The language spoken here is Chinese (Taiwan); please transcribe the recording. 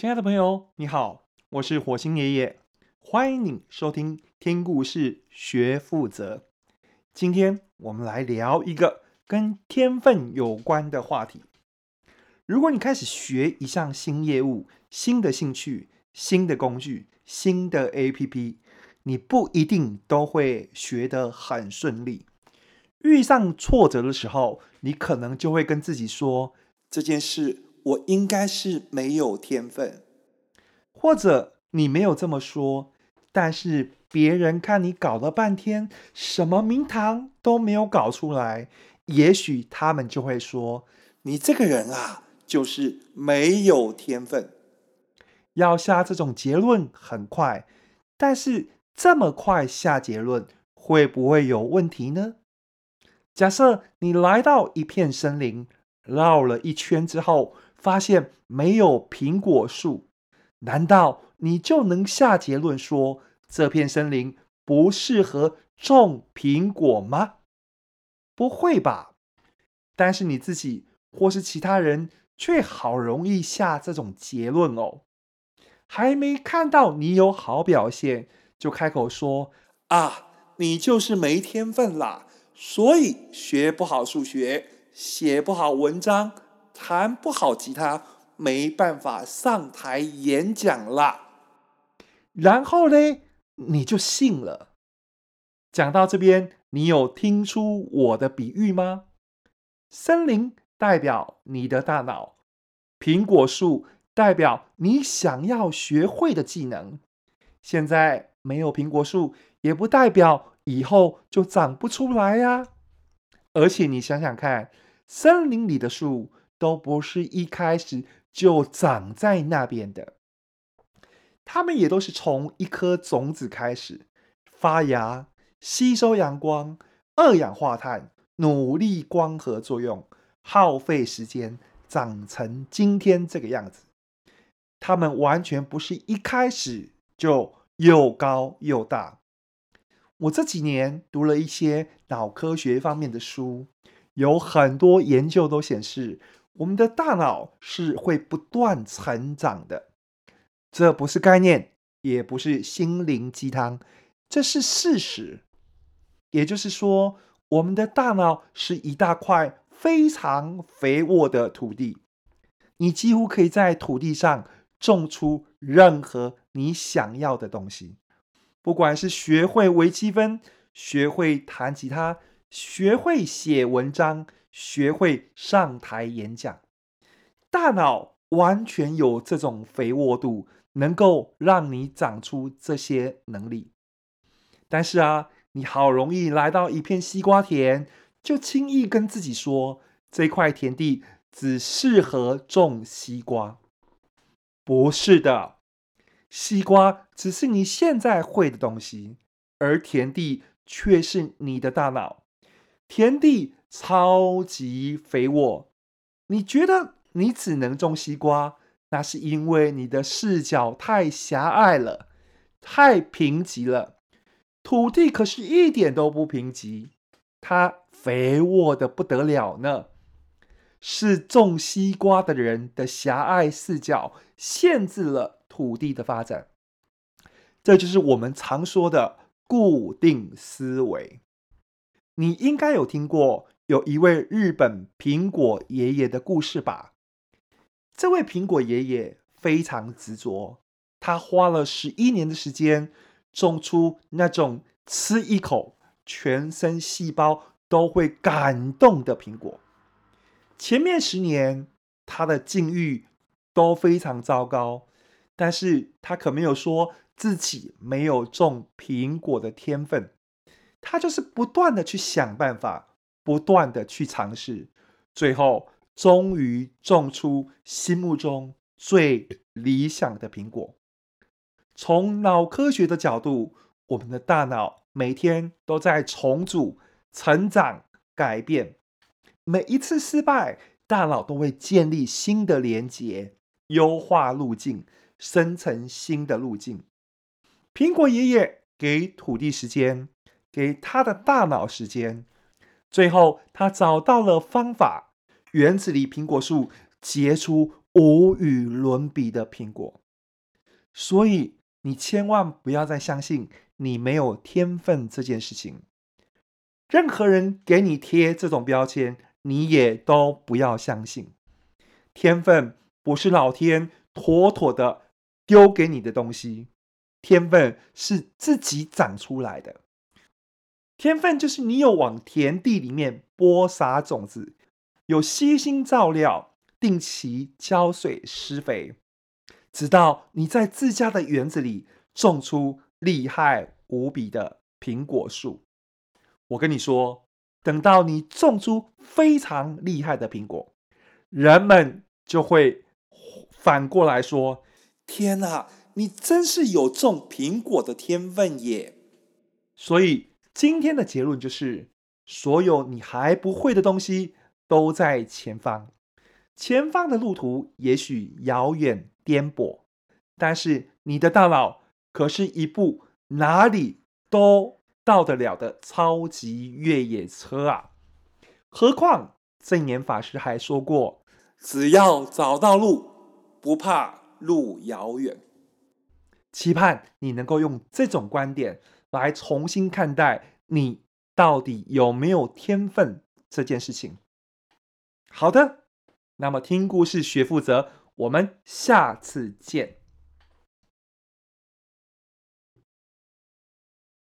親愛的朋友，你好，我是火星爺爺，歡迎你收聽《天故事學負責》。今天我們來聊一個跟天分有關的話題。如果你開始學一項新業務、新的興趣、新的工具、新的 A P P，你不一定都會學的很順利。遇上挫折的時候，你可能就會跟自己說這件事。我應該是沒有天分，或者你沒有這麼說，但是別人看你搞了半天，什麼名堂都沒有搞出來，也許他們就會說，你這個人啊，就是沒有天分。要下這種結論很快，但是這麼快下結論會不會有問題呢？假設你來到一片森林，繞了一圈之後，發現沒有蘋果樹，難道你就能下結論說這片森林不適合種蘋果嗎？不會吧！但是你自己或是其他人卻好容易下這種結論哦。還沒看到你有好表現，就開口說啊，你就是沒天分啦，所以學不好數學，寫不好文章。彈不好吉他，沒辦法上台演講啦。然後呢，你就信了。講到這邊，你有聽出我的比喻嗎？森林代表你的大腦，蘋果樹代表你想要學會的技能。現在沒有蘋果樹，也不代表以後就長不出來呀。而且你想想看，森林裡的樹。都不是一開始就長在那邊的，他們也都是從一顆種子開始發芽，吸收陽光、二氧化碳，努力光合作用，耗費時間長成今天這個樣子。他們完全不是一開始就又高又大。我這幾年讀了一些腦科學方面的書，有很多研究都顯示。我們的大腦是會不斷成長的，這不是概念，也不是心靈雞湯，這是事實。也就是說，我們的大腦是一大塊非常肥沃的土地，你幾乎可以在土地上種出任何你想要的東西，不管是學會微積分，學會彈吉他，學會寫文章。學會上台演講，大腦完全有這種肥沃度，能夠讓你長出這些能力。但是啊，你好容易來到一片西瓜田，就輕易跟自己說，這塊田地只適合種西瓜，不是的，西瓜只是你現在會的東西，而田地卻是你的大腦，田地，超級肥沃，你覺得你只能種西瓜，那是因為你的視角太狹隘了，太貧瘠了。土地可是一點都不貧瘠，它肥沃的不得了呢。是種西瓜的人的狹隘視角限制了土地的發展，這就是我們常說的固定思維。你應該有聽過，有一位日本蘋果爺爺的故事吧。這位蘋果爺爺非常執着，他花了十一年的時間種出那種吃一口全身細胞都會感動的蘋果。前面十年，他的境遇都非常糟糕，但是他可沒有說自己沒有種蘋果的天分，他就是不斷的去想辦法。不斷地去嘗試，最後終於種出心目中最理想的蘋果。從腦科學的角度，我們的大腦每天都在重組、成長、改變。每一次失敗，大腦都會建立新的連接，優化路徑，生成新的路徑。蘋果爺爺給土地時間，給他的大腦時間。最後，他找到了方法，園子裡蘋果樹結出無與倫比的蘋果。所以，你千萬不要再相信你沒有天分這件事情。任何人給你貼這種標籤，你也都不要相信。天分不是老天妥妥的丟給你的東西，天分是自己長出來的。天分就是你有往田地裡面播撒種子，有悉心照料，定期澆水施肥，直到你在自家的園子裡種出厲害無比的蘋果樹。我跟你說，等到你種出非常厲害的蘋果，人們就會反過來說：“天啊，你真是有種蘋果的天分耶。”所以。今天的結論就是，所有你還不會的東西都在前方。前方的路途也許遙遠顛簸，但是你的大腦可是一部哪裡都到得了的超級越野車啊！何況證嚴法師還說過，只要找到路，不怕路遙遠。期盼你能夠用這種觀點。來重新看待你到底有沒有天分這件事情。好的，那麼聽故事學富擇，我們下次見。